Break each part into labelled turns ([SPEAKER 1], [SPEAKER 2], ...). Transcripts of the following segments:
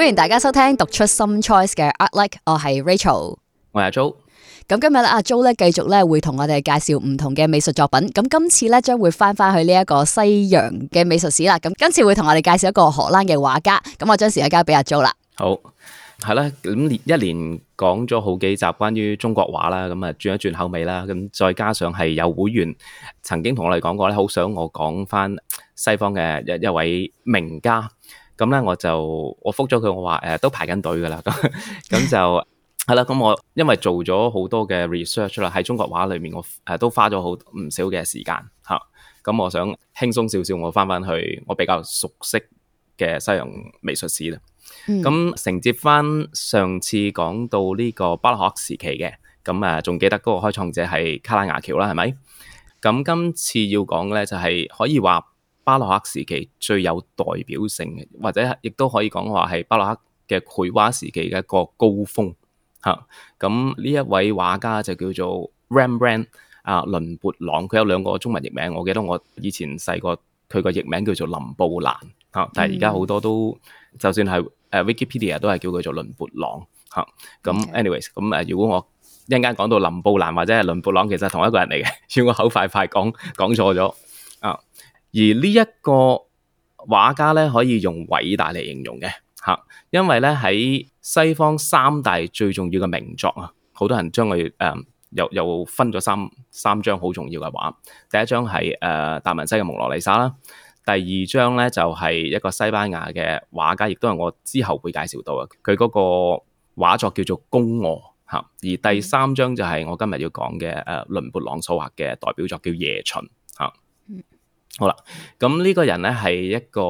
[SPEAKER 1] 歡迎大家收聽讀出 Some Choice 嘅 Art Like，我係 Rachel，我係阿 Jo。咁今日咧，阿 Jo 咧繼續咧會同我哋介紹唔同嘅美術作品。咁今次咧將會翻翻去呢一個西洋嘅美術史啦。咁今次會同我哋介紹一個荷蘭嘅畫家。咁我將時間交俾阿 Jo 啦。好，係啦。咁一連講咗好幾集關於中國畫啦，咁啊轉一轉口味啦。咁再加上係有會員曾經同我哋講過咧，好想我講翻西方嘅一一位名家。咁咧，我就我覆咗佢，我話、呃、都排緊隊噶啦。咁咁就係啦。咁我因為做咗好多嘅 research 啦，喺中國畫裏面我，我、呃、都花咗好唔少嘅時間吓。咁、啊、我想輕鬆少少，我翻翻去我比較熟悉嘅西洋美術史啦。咁、嗯、承接翻上次講到呢個巴洛克時期嘅，咁仲記得嗰個開創者係卡拉瓦喬啦，係咪？咁今次要講咧，就係、是、可以話。巴洛克時期最有代表性嘅，或者亦都可以講話係巴洛克嘅繪畫時期嘅一個高峰吓。咁、啊、呢一位畫家就叫做 Rembrandt 啊，倫勃朗。佢有兩個中文譯名，我記得我以前細個佢個譯名叫做林布蘭吓、啊，但係而家好多都、嗯、就算係誒 Wikipedia 都係叫佢做倫勃朗吓。咁、啊、anyways，咁、啊、誒如果我一陣間講到林布蘭或者係倫勃朗，其實係同一個人嚟嘅，如果我口快快講講錯咗啊。而呢一個畫家咧，可以用偉大嚟形容嘅吓，因為咧喺西方三大最重要嘅名作啊，好多人將佢誒又又分咗三三張好重要嘅畫。第一張係誒達文西嘅蒙娜麗莎啦，第二張咧就係、是、一個西班牙嘅畫家，亦都係我之後會介紹到嘅，佢嗰個畫作叫做《宮娥》吓。而第三張就係我今日要講嘅誒、呃、倫勃朗所畫嘅代表作叫，叫、啊《夜巡》吓。好啦，咁呢個人咧係一個，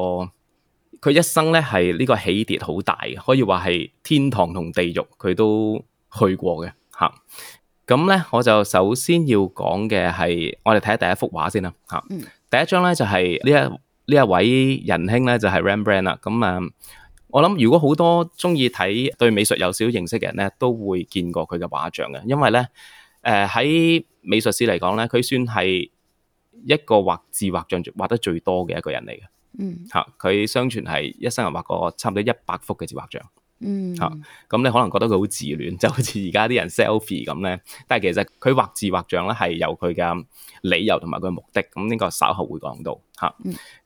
[SPEAKER 1] 佢一生咧係呢個起跌好大，可以話係天堂同地獄，佢都去過嘅吓。咁咧，我就首先要講嘅係，我哋睇下第一幅畫先啦吓、嗯。第一張咧就係呢一呢、嗯、一位仁兄咧就係 Rembrandt 啦。咁啊，我諗如果好多中意睇對美術有少少認識嘅人咧，都會見過佢嘅畫像嘅，因為咧，誒、呃、喺美術史嚟講咧，佢算係。一個畫自畫像畫得最多嘅一個人嚟嘅，吓、嗯、佢相傳係一生人畫過差唔多一百幅嘅自畫像，吓、嗯、咁、嗯、你可能覺得佢好自戀，就好似而家啲人 selfie 咁咧，但係其實佢畫自畫像咧係有佢嘅理由同埋佢嘅目的，咁呢個稍後會講到，吓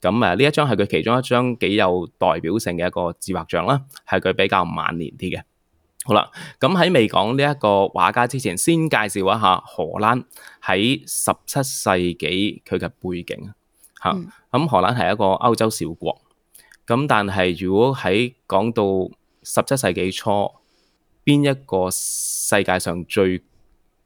[SPEAKER 1] 咁啊，呢一張係佢其中一張幾有代表性嘅一個自畫像啦，係佢比較晚年啲嘅。.好啦，咁喺未講呢一個畫家之前，先介紹一下荷蘭喺十七世紀佢嘅背景。吓咁、嗯、荷蘭係一個歐洲小國，咁但係如果喺講到十七世紀初，邊一個世界上最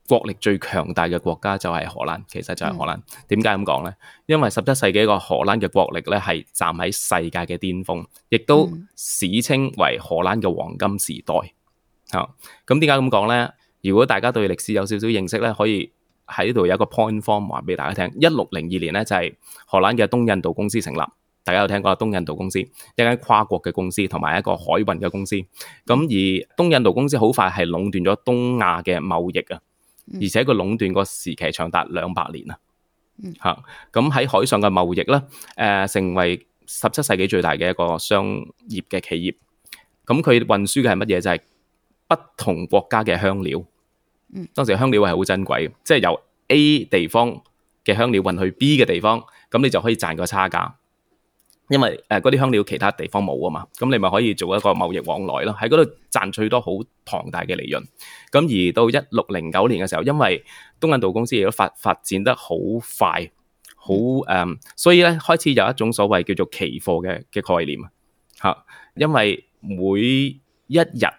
[SPEAKER 1] 國力最強大嘅國家就係荷蘭，其實就係荷蘭。點解咁講呢？因為十七世紀個荷蘭嘅國力咧係站喺世界嘅巔峰，亦都史稱為荷蘭嘅黃金時代。吓咁，點解咁講呢？如果大家對歷史有少少認識呢，可以喺呢度有一個 point form 話俾大家聽。一六零二年呢，就係荷蘭嘅東印度公司成立。大家有聽過東印度公司，一間跨國嘅公司，同埋一個海運嘅公司。咁而東印度公司好快係壟斷咗東亞嘅貿易啊，而且佢壟斷個時期長達兩百年啊。吓咁喺海上嘅貿易呢，誒、呃，成為十七世紀最大嘅一個商業嘅企業。咁佢運輸嘅係乜嘢？就係。不同國家嘅香料，當時香料係好珍貴，即係由 A 地方嘅香料運去 B 嘅地方，咁你就可以賺個差價，因為誒嗰啲香料其他地方冇啊嘛，咁你咪可以做一個貿易往來咯，喺嗰度賺取多好龐大嘅利潤。咁而到一六零九年嘅時候，因為東印度公司亦都發發展得好快，好誒，um, 所以咧開始有一種所謂叫做期貨嘅嘅概念吓，因為每一日。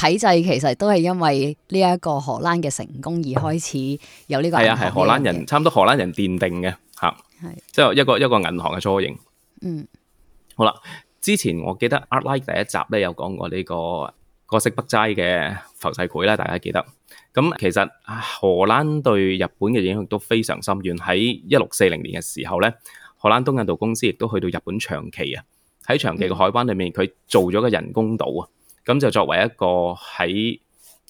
[SPEAKER 1] 體制其實都係因為呢一個荷蘭嘅成功而開始有呢個係啊係荷蘭人，差唔多荷蘭人奠定嘅嚇，係即係一個一個銀行嘅雛形。嗯，好啦，之前我記得《Art Like》第一集咧有講過呢、這個葛飾北齋嘅浮世繪啦，大家記得。咁其實荷蘭對日本嘅影響都非常深遠。喺一六四零年嘅時候咧，荷蘭東印度公司亦都去到日本長崎啊。喺長崎嘅海灣裏面，佢做咗個人工島啊。嗯嗯咁就作為一個喺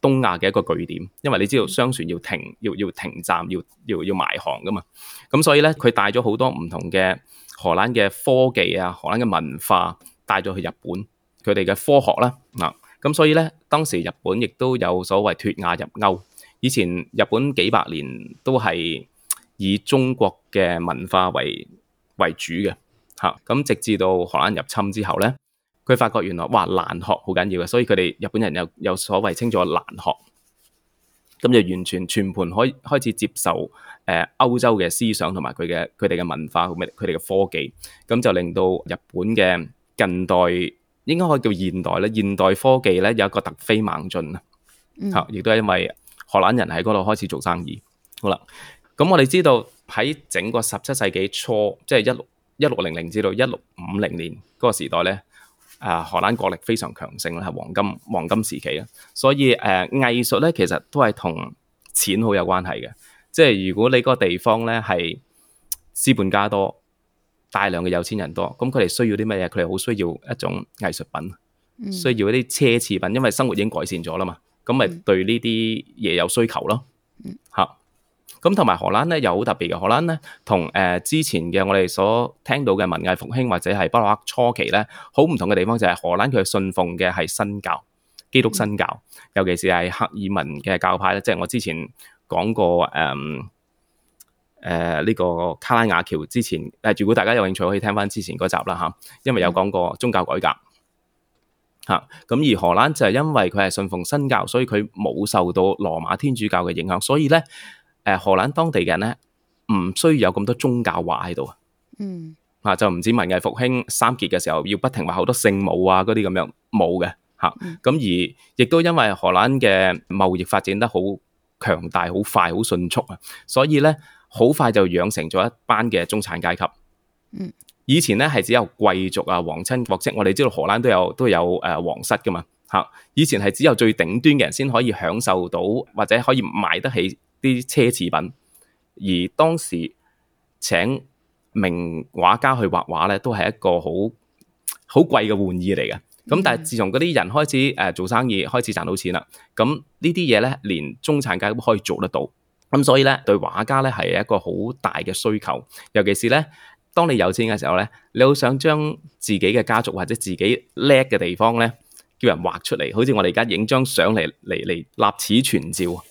[SPEAKER 1] 東亞嘅一個據點，因為你知道商船要停，要要停站，要要要埋航噶嘛。咁所以咧，佢帶咗好多唔同嘅荷蘭嘅科技啊，荷蘭嘅文化帶咗去日本，佢哋嘅科學啦嗱。咁所以咧，當時日本亦都有所謂脫亞入歐。以前日本幾百年都係以中國嘅文化為，為主嘅嚇。咁直至到荷蘭入侵之後咧。佢發覺原來哇，蘭學好緊要嘅，所以佢哋日本人又有，有所謂稱做蘭學，咁就完全全盤開始接受誒、呃、歐洲嘅思想同埋佢嘅佢哋嘅文化，佢哋嘅科技，咁就令到日本嘅近代應該可以叫現代咧，現代科技咧有一個突飛猛進啊！嚇，亦都係因為荷蘭人喺嗰度開始做生意。好啦，咁我哋知道喺整個十七世紀初，即係一六一六零零至到一六五零年嗰個時代咧。誒、啊、荷蘭國力非常強盛咧，係黃金黃金時期啦，所以誒、呃、藝術咧其實都係同錢好有關係嘅，即係如果你個地方咧係資本家多，大量嘅有錢人多，咁佢哋需要啲乜嘢？佢哋好需要一種藝術品，需要一啲奢侈品，因為生活已經改善咗啦嘛，咁咪對呢啲嘢有需求咯。咁同埋荷蘭咧又好特別嘅，荷蘭咧，同誒、呃、之前嘅我哋所聽到嘅文藝復興或者係巴洛克初期咧，好唔同嘅地方就係荷蘭佢係信奉嘅係新教，基督新教，尤其是係克爾文嘅教派咧。即係我之前講過誒呢、嗯呃呢個卡拉瓦喬之前誒、呃，如果大家有興趣可以聽翻之前嗰集啦，嚇，因為有講過宗教改革嚇，咁、啊、而荷蘭就係因為佢係信奉新教，所以佢冇受到羅馬天主教嘅影響，所以咧。誒，荷蘭當地嘅人咧，唔需要有咁多宗教話喺度啊。嗯，啊，就唔止文藝復興三傑嘅時候，要不停話好多聖母啊，嗰啲咁樣冇嘅吓。咁而亦都因為荷蘭嘅貿易發展得好強大、好快、好迅速啊，所以咧好快就養成咗一班嘅中產階級。嗯，以前咧係只有貴族啊、皇親國戚，我哋知道荷蘭都有都有誒皇室噶嘛吓、啊。以前係只有最頂端嘅人先可以享受到，或者可以買得起啲奢侈品，而當時請名畫家去畫畫咧，都係一個好好貴嘅玩意嚟嘅。咁但係自從嗰啲人開始、呃、做生意，開始賺到錢啦，咁呢啲嘢咧，連中產階級都可以做得到。咁所以咧，對畫家咧係一個好大嘅需求。尤其是咧，當你有錢嘅時候咧，你好想將自己嘅家族或者自己叻嘅地方咧，叫人畫出嚟，好似我哋而家影張相嚟嚟嚟立此存照。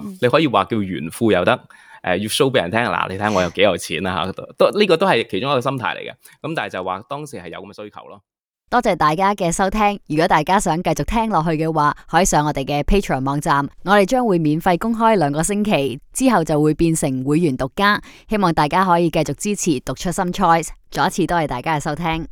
[SPEAKER 1] 嗯、你可以話叫炫富又得，誒、呃、要 show 俾人聽嗱，你睇我有幾有錢啦、啊、吓，都呢、這個都係其中一個心態嚟嘅。咁但係就話當時係有咁嘅需求咯。多謝大家嘅收聽，如果大家想繼續聽落去嘅話，可以上我哋嘅 Patreon 網站，我哋將會免費公開兩個星期，之後就會變成會員獨家。希望大家可以繼續支持讀出新 choice，再一次多謝大家嘅收聽。